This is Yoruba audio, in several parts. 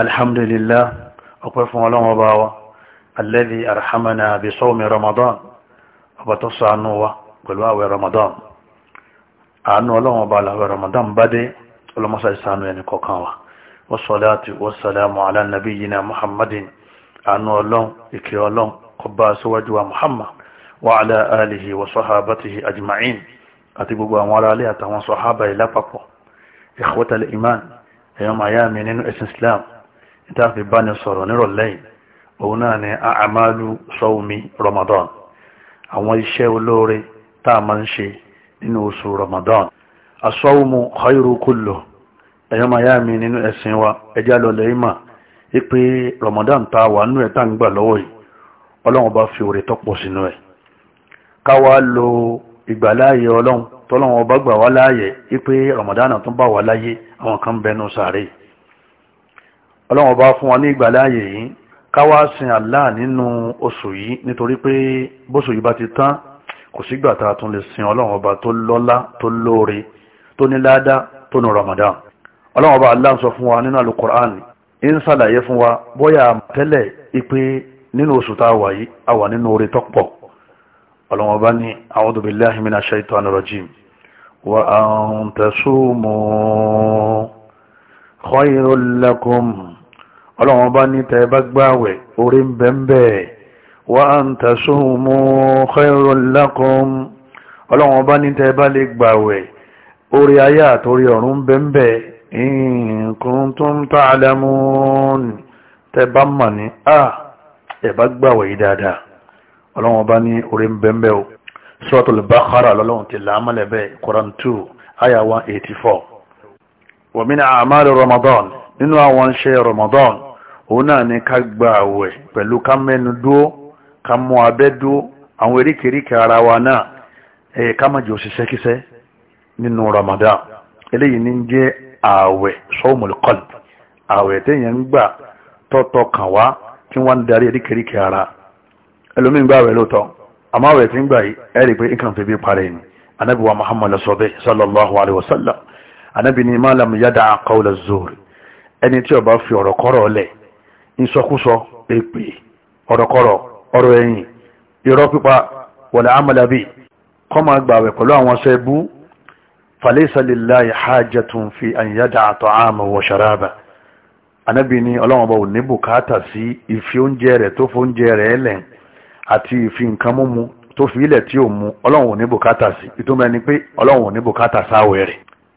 alhamdulillah ọpẹ́ fún ọlọ́run ọba wa alladhi arhamana bi sawmi ramadan ọba tó ṣàánú wa pẹ̀lú àwẹ̀ ramadan àánú ọlọ́run ọba làwẹ̀ ramadan bá dé ọlọ́mọsá ìsànú ẹni kọ̀ọ̀kan wa wassalatu wassalamu ala nabiyyina muhammadin àánú ọlọ́run ìkẹ́ ọlọ́run kọba síwájú wa muhammad wa ala alihi wa sahabatihi ajma'in àti gbogbo àwọn aráalé àtàwọn sahaba ìlápapọ̀ ikhwatal iman ẹ̀yọ́ màyá nínú ẹ̀sìn islam ìtàfi bá ní sọ̀rọ̀ nírọ̀lẹ́yìn òun náà ni àmàlù sọ́wọ́mi Ramadan àwọn iṣẹ́ olóore tá a máa ń ṣe nínú oṣù Ramadan asọ́wọ́mu khairu kullu ẹ̀yọ́ máa yá mi nínú ẹ̀sìn wa ẹjẹ́ lọ́lẹ̀ ìmà wípé Ramadan tá a wà nínú ẹ̀ tá ń gbà lọ́wọ́ yìí ọlọ́run bá fi òrè tọ́pọ̀ sínú ẹ̀ ká wá lo ìgbàláàyè ọlọ́run tọ́lọ́run ọba gbà wá láàyè wípé Ramadan tó bá wà láyé àwọn kan bẹnu sàárè yìí ọlọ́run ọba fún wa ní ìgbàláyè yìí káwá sin Allah nínú oṣù yìí nítorí pé bóṣù yìí bá ti tán kò sígbà tá a tún lè sin ọlọ́run ọba tó lọ́lá tó lóore tó ní ládá tó ní Ramadan ọlọ́run ọba Allah ń sọ fún wa nínú alukur'an ń ṣàlàyé fún wa bóyá tẹ́lẹ̀ ipe nínú oṣù tá a wà yìí a wà nínú oore tó pọ̀ ọlọ́run ní khairul lakum ọlọ́run bá ní tẹ́ bá gbáwẹ̀ orí ń bẹ ń bẹ wa an tasumu khairul lakum ọlọ́run bá ní tẹ́ bá lè gbáwẹ̀ orí ayé àtòrí ọ̀run ń bẹ ń bẹ in kuntum ta'lamun tẹ́ bá mọ̀ ní à ẹ̀ bá gbáwẹ̀ yìí dáadáa ọlọ́run bá ní orí ń bẹ ń bẹ o suratul Baqara lọ́lọ́run ti làámọ́lẹ̀ bẹ́ẹ̀ Quran two aya one eighty four wa min a'mal Ramadan nínú àwọn iṣẹ́ Ramadan òun náà ni ká gba àwẹ̀ pẹ̀lú ká mẹ́nu dúó ká mú abẹ́ dúó àwọn eríkèríkè ara wa náà ẹ̀ ká má jẹ́ òṣìṣẹ́kíṣẹ́ nínú Ramadan eléyìí ní jẹ́ ààwẹ̀ sọ́ọ̀mù kọlù ààwẹ̀ téèyàn ń gbà tọ́tọ̀ kàn wá tí wọ́n ń darí eríkèríkè ara ẹlòmíì ń gbà àwẹ̀ lóòótọ́ àmọ́ àwẹ̀ tí ń gbà yìí ẹ̀rí pé nǹkan fi bí parẹ́ ni anábìwá Muhammad sọ bẹ́ẹ̀ sallallahu alayhi wa sallam anábì ní malam yada akọ́wọ́lẹ̀ zori ẹni tí ó bá fi ọ̀rọ̀kọ́rọ̀ lẹ̀ ìsọkúsọ èpè ọ̀rọ̀kọ́rọ̀ ọ̀rọ̀ ẹ̀yìn irọ́ pípa wọ̀lẹ̀ amalabi kọ́ máa gbàwẹ̀ pẹ̀lú àwọn sẹ́bú falẹ́sà lillahi hajjatun fi an yada ta'ama wa sharaba anábì ní ọlọ́wọ́n bá ní bùkátà sí ìfi oúnjẹ rẹ̀ tó fi oúnjẹ rẹ̀ lẹ̀ àti ìfi nǹkan múmu tó fi ilẹ̀ tí ò mu ọlọ́wọ́n ní bùkátà sí ìtumọ̀ ẹni pé ọlọ́wọ́n ní bùkátà sáwẹ̀ rẹ̀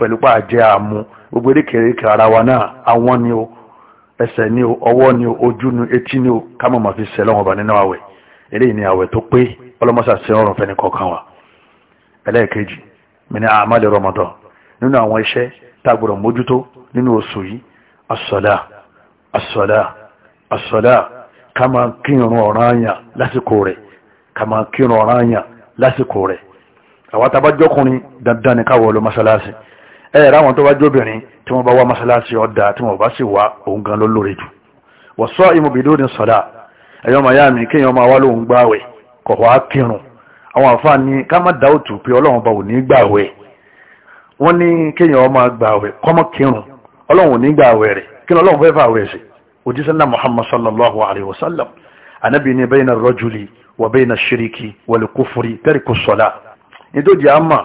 pẹ̀lú pa àjẹ àmú gbogbo erékèrékè ara wa náà àwọn ni o ẹsẹ̀ ni o ọwọ́ ni o ojú ni etí ni o kámọ̀ máa fi sẹ́lẹ̀ wọn bá nínú àwẹ̀ eléyìí ni àwẹ̀ tó pé ọlọ́mọṣà sí ọrùn fẹ́ni kọ̀ọ̀kan wa ẹlẹ́ẹ̀kejì mi ní àmàlẹ́ Ramadan nínú àwọn iṣẹ́ tá gbọ́dọ̀ mójútó nínú oṣù yìí asọ́lá asọ́lá asọ́lá ká máa kírun ọ̀ranyàn lásìkò rẹ̀ ká máa kírun ọ̀ranyàn lásìkò rẹ̀ àwọn tabajọ́kùnrin dandan ni káwọ̀ lọ ẹ ráwọn tó bá jóbìnrin tí wọ́n bá wá mọ́sálásí ọ̀dà tí wọ́n bá sì wá òun gan ló lórí jù wọ̀sọ́ ìmọ̀bìdó ní sọ̀dá ẹ̀yọ́ miami kéèyàn máa wá lóun gbààwẹ̀ kọ̀ wá kírun àwọn àǹfààní ká má dá òtù pé ọlọ́run bá wò ní gbààwẹ̀ wọ́n ní kéèyàn máa gbààwẹ̀ kọ́mọ́ kírun ọlọ́run ò ní gbààwẹ̀ rẹ̀ kí ni ọlọ́run fẹ́ fà wẹ̀ sí òjíṣẹ́ náà muhammad sallallahu alayhi wa sallam anabi ni bayna rajuli wa bayna shiriki wal kufri tariku sọ̀dá nítorí àmà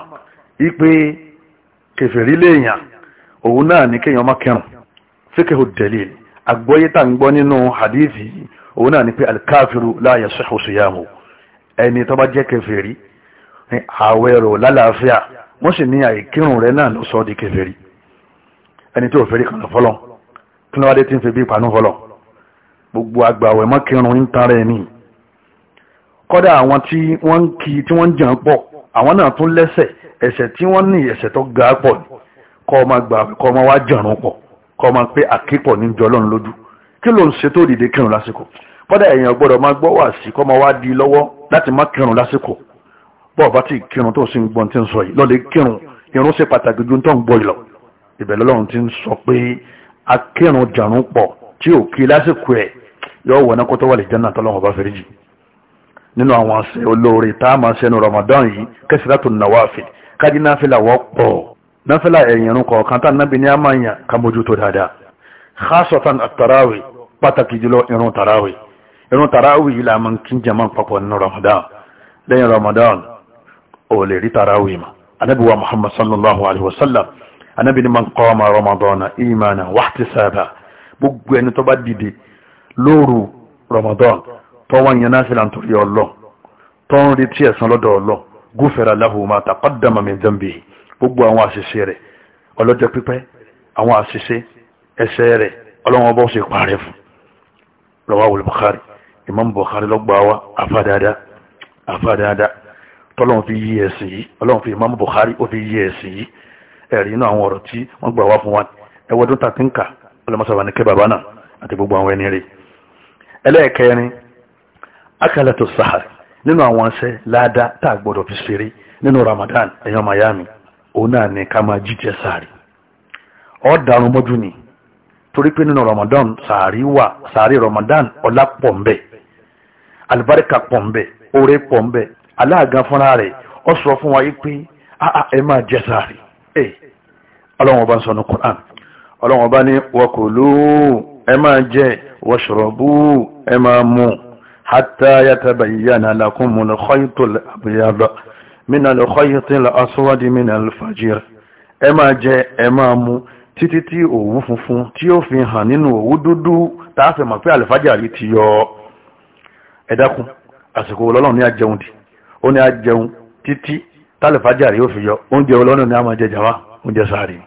ipe kèfèrí léèyàn òun náà ní kéèyàn má kẹrùn fíkẹ́ òdẹ̀lẹ̀ àgbọ́yé tá ń gbọ́ nínú hadithi òun náà ní pé alkafiru la yasihu siyamu ẹni tó bá jẹ́ kèfèrí ààwẹ̀ rò lálàáfíà wọ́n sì ní àìkírùn rẹ̀ náà ló sọ di kèfèrí ẹni tó fẹ́rí kan fọlọ́ kí ló wá dé tí ń fi bí ìpanú fọlọ́ gbogbo àgbàwẹ̀ mọ́ ń tara ẹni kọ́dà àwọn tí wọ́n ń kí tí wọ́n ń jàn pọ̀ àwọn náà tún lẹ́sẹ̀ ẹ̀ṣẹ̀ tí wọ́n ní ẹ̀ṣẹ̀ tó ga pọ̀ ni kọ́ ọmọ gbà kọ́ ọmọ wá jọ̀rún pọ̀ kọ́ ọmọ pé àkípọ̀ ní jọlọ́run lójú kí ló ń ṣe tó dìde kírun lásìkò kọ́dà èèyàn gbọ́dọ̀ máa gbọ́ wà sí kọ́ ọmọ wá di lọ́wọ́ láti má kírun lásìkò bọ́ọ̀ bá ti kírun tó sì ń gbọ́n tí ń sọ yìí lọ́lẹ̀ kírun irun ṣe pàtàkì ju tó ń gbọ́ ìlọ ìbẹ̀ lọ́lọ́run ti ń sọ pé akírun jàrún pọ̀ tí ò kí lásìkò ẹ̀ yọ wọ̀ náà kó tó wà lè jẹ́nà tọ́lọ́run ọba fẹ́rẹ́jì nínú àwọn olóore tá a máa ṣe Ramadan yìí kẹsìlá tó nàwáfẹ́ kájí náfìlà wọ́pọ̀ náfìlà ẹ̀yìnrún kọ̀ọ̀kan tá nábi ní àmàyà ká mójútó dáadáa khasatan àtàràwì pàtàkì jùlọ irun tàràwì irun tàràwì yìí làmà ń kín jẹmọ́ papọ̀ nínú ramadan lẹ́yìn ramadan ò lè rí tàràwì mà anábi wa muhammad sallallahu alaihi wasallam anábi ni man qama ramadan imana wahtisaba gbogbo ẹni tó bá dìde lóru ramadan tó wá yan náfìlà nítorí ọlọ́ tó ń retí ẹ̀san lọ́dọ̀ ọlọ́ gúfẹ̀rẹ̀ lahu ma taqaddama min dhanbihi gbogbo àwọn àṣìṣe rẹ̀ ọlọ́jọ́ pípẹ́ àwọn àṣìṣe ẹsẹ̀ rẹ̀ ọlọ́wọ́n bọ́ sí parẹ́ fún rawahul Bukhari Imam Bukhari lọ́gbà wa àfàdáadá àfàdáadá tọ́lọ́wọ́n fi yí ẹ̀sìn nínú àwọn aṣẹ ládàá tá a gbọ́dọ̀ fi ṣeré nínú Ramadan ẹ̀yàn miami òun náà ni ká máa jíjẹ sàárì ọ́ darun mọ́jú ni torí pé nínú Ramadan sàárì wà sàárì Ramadan ọlá pọ̀ ń bẹ alibarika pọ̀ ń bẹ oore pọ̀ ń bẹ aláàgán fúnra rẹ̀ ọ sọ fún wa pé ẹ máa jẹ sàárì ẹ ọlọ́run ọba ń sọ ní Quran ọlọ́run ọba ní wakulu ẹ máa jẹ washrabu ẹ máa mú. حتى يتبين لكم الخيط الأبيض من الخيط الأسود من الفجر ẹ máa jẹ ẹ máa mu títí tí òwú funfun tí ó fi hàn nínú òwú dúdú tá fi mọ̀ pé àlìfájàrí ti yọ ẹ dákun àsìkò Ọlọ́run ní ajẹun dì ó ní ajẹun títí tálìfájàrí ó fi yọ oúnjẹ Ọlọ́run ní a máa jẹ jàmá oúnjẹ sàárì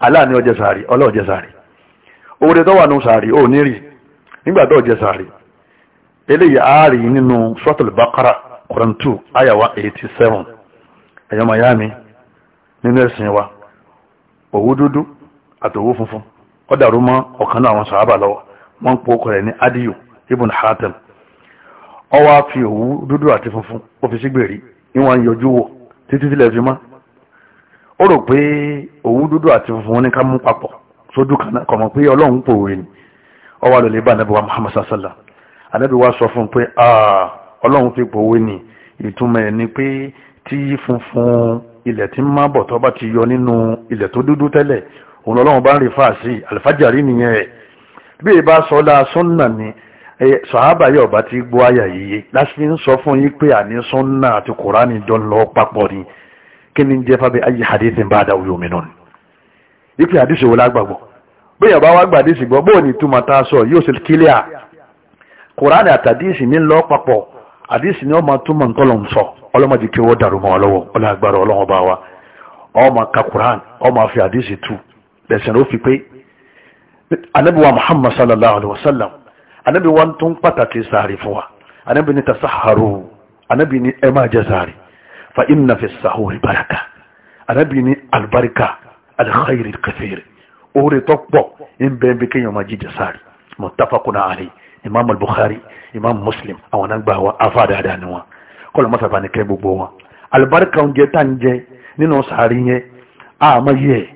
aláàní ọjẹ sàárì ọlọ́ọ̀jẹ sàárì owó tó wà nù sàárì ò ní rí nígbà tó ọjẹ sàárì ele ààrì nínú suratul Baqara Quran two aya one eighty seven nínú ẹ̀sìn wa òwú dúdú àti funfun ọ dàrú mọ́ ọ̀kan náà àwọn sàábà lọ́wọ́ wọ́n ń po okò rẹ̀ ní adiyo ibn hatem ó wá fi òwú dúdú àti funfun ó fi sígbèrí níwọ̀n yọjú wò títí fi mọ́ ó rò pé òwú dúdú àti funfun ní ká mú papọ̀ sójú kan náà kọ̀mọ̀ pé ọlọ́run ni wá lọ lè bá nàbẹ̀wá Muhammad sallallahu anábì wá sọ fún un pé ah, ọlọ́run fi pòwe ni ìtumọ̀ ẹ̀ ni pé tí funfun ilẹ̀ tí má bọ̀ tó bá ti yọ nínú ilẹ̀ tó dúdú tẹ́lẹ̀ òun ọlọ́run bá ń rí fàásì àlìfájàrí nìyẹn ẹ̀ bí ìbá sọlá sọ́nà ni sàhábà yóò bá ti gbọ́ àyà yìí láti ń sọ fún yín pé àní sọ́nà àti kùránì jọ ń lọ papọ̀ ni kí ni jẹ́ fábẹ́ ayé hadithin bá dá oyo mìíràn ni ipe àdìsí wo lágbàgbọ́ bóyá bá wá gbàdìsí gbọ́ bóyá ní túmọ̀ tá a sọ yóò ṣe kílíà Kùránì àtàdíìsì ní lọ papọ̀ àdíìsì ni wọ́n máa túmọ̀ nǹkan lọ́n sọ ọlọ́mọdé kí wọ́n dàrú mọ́ ọlọ́wọ́ ọlọ́gbàrá ọlọ́wọ́ bá wa ọmọ ka Kùránì ọmọ fi àdíìsì tú lẹ́sìn ló fi pé Ànábì wa Muhammad sallallahu alayhi wa sallam Ànábì wa tó ń pàtàkì sàárì fún wa Ànábì ni tasaharu Ànábì ni ẹ máa jẹ sàárì fa inna fi sahuri baraka Ànábì ni albarika alkhairi kathiri oore tó pọ̀ ń bẹ́ẹ̀ bí kéèyàn máa jíjẹ sàárì muttafaqun alayhi imam al-bukhari imam muslim àwọn náà gbà wá afa dáadáa ni wọn kọlọ mọ sàbà ní kẹ gbogbo wọn alibarika oúnjẹ tá ń jẹ nínú sàárì yẹn àmọ́ yẹ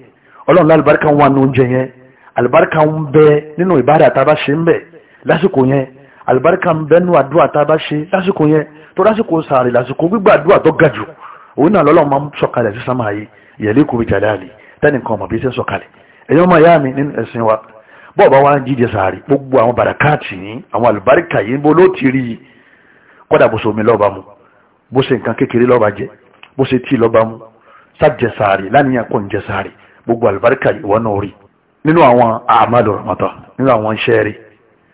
ọlọ́run alibarika wà ní oúnjẹ yẹn alibarika ń bẹ nínú ìbáda tá a bá ṣe ń bẹ lásìkò yẹn alibarika ń bẹ nínú àdúrà tá a bá ṣe lásìkò yẹn tó lásìkò sàárì lásìkò gbígbà àdúrà tó ga jù òun náà lọ́lọ́run máa ń sọ̀kalẹ̀ sí sámà yìí ìyẹ̀lẹ́kùn ìjàlẹ́ àlè tẹ́nìkan ọmọ bíi ṣe sọ̀kalẹ̀ ẹ̀yọ́ máa yá mi nínú ẹ̀sìn wa bọ́ọ̀bá wa ń jíjẹ sàárì gbogbo àwọn bàràkáàtì yìí àwọn àlùbáríkà yìí bó ló ti rí i kọ́dà bó so omi lọ́ba mu bó ṣe nǹkan kékeré lọ́ba jẹ bó ṣe tíì lọ́ba mu sájẹ sàárì láníyàn kò ń jẹ sàárì gbogbo àlùbáríkà yìí wọ́n náà rí nínú àwọn àmàlù Ramadan nínú àwọn iṣẹ́ rí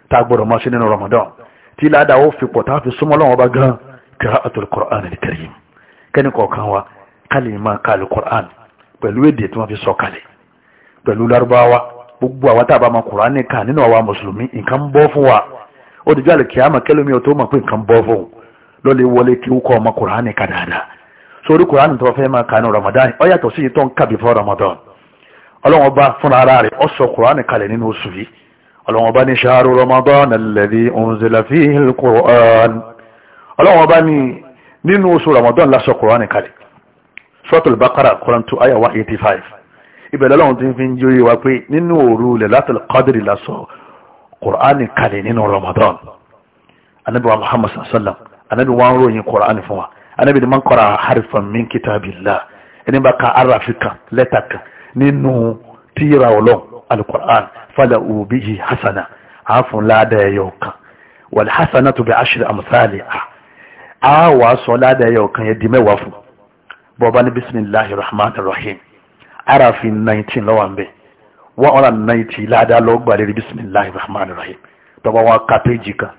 tá a gbọ́dọ̀ máa ṣe nínú Ramadan tí ládàá ó fi pọ̀ tá a fi súnmọ́ lọ́wọ́ bá gan qira'atul Qur'an al-Karim kẹ́ni kọ̀ọ̀kan wa kálí quran pẹ̀lú èdè tí wọ́n fi sọ gbogbo àwọn tá a bá ma kùránì kà nínú àwa mùsùlùmí nǹkan bọ́ fún wa ó dìjọ́ àlè kìámà kẹlómi ọ̀tọ́ mọ̀ pé nǹkan ń bọ́ fún ló lè wọlé kí ó kọ́ ọmọ kùránì kà dáadáa sórí kùránì tó fẹ́ máa kà ní ramadan ó yàtọ̀ sí ìtọ́ ń kà before ramadan ọlọ́run ọba fúnra ara rẹ̀ ó sọ kùránì kalẹ̀ nínú oṣù yìí ọlọ́run ọba ní ṣáàrú ramadan alladhi unzila fihi quran ọlọ́run ọba ní nínú oṣù ramadan la sọ kùránì kalẹ̀ suratul baqara kùránì 2 ayah 185 ìbẹ̀rẹ̀ lọ́wọ́n ti fi ń jí orí wa pé nínú òru Lailatul Qadri lásọ Qur'ani kalẹ̀ nínú Ramadan anabi wa Muhammad sallam anabi wa ń ròyìn Qur'ani fún wa anabi ni man qara harfan min kitabillah ẹni bá ka arafi kan lẹ́tà kan nínú tíra ọlọ́run al-Qur'an falahu hasana àáfún ládàá kan wal hasanatu bi ashri amthaliha àá wàá sọ ládàá ẹ̀yọ̀ kan yẹ di mẹ́wàá fún bọ́ọ̀bá ní bismillahir rahmanir rahim arafi nineteen lọ́wọ́ àmbẹ̀ one hundred and ninety ládàá lọ́wọ́ gbà lérí bisimilahi rahman rahim tọ́ba wọn ka péjì kan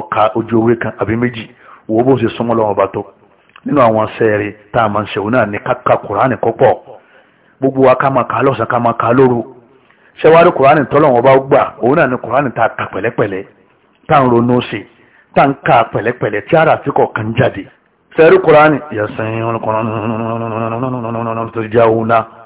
ọ̀ka ojú ewé kan àbí méjì wo bó ṣe súnmọ́ lọ́wọ́ bá tó nínú àwọn sẹ́ẹ̀rì tá a máa ń ṣẹ̀wò náà ní káka kùránì kọ́pọ̀ gbogbo wa ká máa kà á lọ́sàn ká máa kà á lóru ṣẹ́wárí kùránì tọ́lọ́wọ́n bá gbà òun náà ní kùránì tá a kà pẹ̀lẹ́pẹ̀lẹ́ tá ń ronú sí tá ń kà pẹ̀lẹ́pẹ̀lẹ́ tí ara àti kọ̀ọ̀kan jáde sẹ́ẹ̀rì kùránì yẹ̀sìn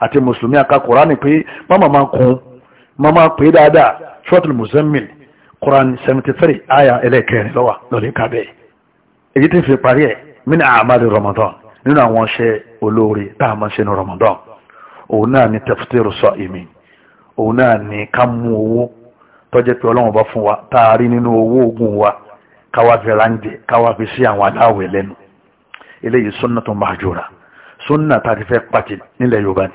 àti mùsùlùmí aka kùránì pé mama máa kún mama pé dáadáa suratul muzammil quran seventy three aya ẹlẹ́kẹrin lọ́wọ́ lọ́lẹ́ kábẹ́ èyí tí ń fi parí ẹ̀ min a'mali ramadan nínú àwọn ṣe olóore tá ṣe ní ramadan òun náà ni tafsiru sa'imin òun náà ni ká mú owó tọ́jẹ́ pé ọlọ́run bá fún wa tá a rí nínú owó ogun wa káwá fi ránjẹ káwá fi sí àwọn aláwẹ̀ lẹ́nu eléyìí sunnatun mahjura sunna tá a ti fẹ́ pàtì nílẹ̀ yorùbá ni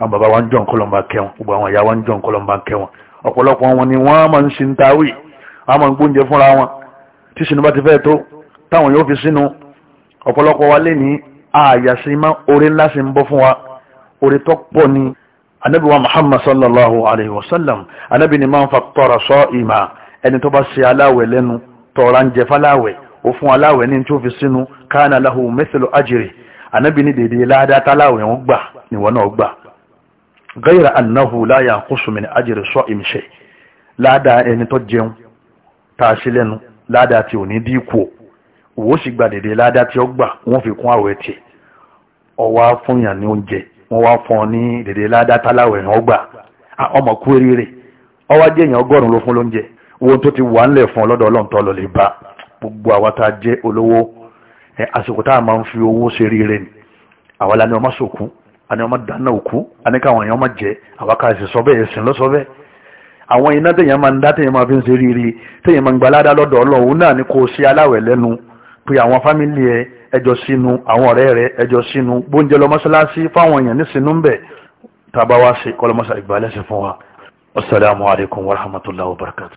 àwọn bàbá wa ń jọ nkọlọ́mbà kẹwọn gbogbo àwọn ìyá wa ń jọ nkọlọ́mbà kẹwọn ọ̀pọ̀lọpọ̀ wọn ni wọ́n máa ń ṣe ń tawí wọ́n máa ń gbóúnjẹ fúnra wọn tí sinú bá ti fẹ́ tó táwọn yóò fi sínú ọ̀pọ̀lọpọ̀ wa lé ní àyàsí má oore ńlá sí ń bọ́ fún wa oore tó pọ̀ ni anabi wa muhammad sallallahu alayhi wa sallam anabi ni máa ń fa tọrọ sọ ìmà ẹni tó bá ṣe aláwẹ̀ lẹ́nu tọ̀ọ̀rà ń jẹ fáláwẹ̀ ó fún aláwẹ̀ ní tí fi sínú káàna lahu mẹ́sìlú ajiri anabi ni dèdè ládàá táláwẹ̀ wọn gbà níwọ̀n náà gbà gẹ́rẹ́ annahu la ya mi ní ajẹ́rẹ́ sọ ìmìṣẹ́ ládàá ẹni tó jẹun tá a ṣe lẹ́nu ládàá tí ò ní dínkù òwò sì gba dèdè ládàá tí ó gbà wọ́n fi kún àwẹ̀ tiẹ̀ ọwọ́ fúnyàn ní oúnjẹ wọ́n wá fún ọ ní dèdè ládàá táláwẹ̀ ẹ̀hán gbà ọmọ kú eré ọwọ́ ajé èèyàn ọgọ́rùn-ún ló fún lóúnjẹ owó tó ti wà ńlẹ̀ fún ọlọ́dọ̀ ọlọ́run tó lọ lè bá gbogbo àwa tá a jẹ́ olówó àsìkò tá a máa ń fi owó ṣe rí rẹ̀ ni àwa la ní ọmọ sòkún àni ọmọ dáná òkú àni káwọn èèyàn máa jẹ àwákà sì sọ bẹ́ẹ̀ ẹ̀sìn lọ́sọ bẹ́ẹ̀ àwọn iná téèyàn máa ń dá téèyàn máa fi ń ṣe rírì téèyàn máa ń gbaládá lọ́dọ̀ ọlọ́run náà ni kò sí aláwẹ̀ lẹ́nu pé àwọn fámìlì ẹ ẹjọ sínú àwọn ọ̀rẹ́ rẹ ẹjọ sínú gbóúnjẹ lọ mọ́ṣáláṣí fáwọn èèyàn ní sínú ń bẹ̀ tàbá wá sí kọ́lọ́mọ́sá ìgbàlẹ́sìn fún wa assalamu alaikum warahmatullahi wabarakatuh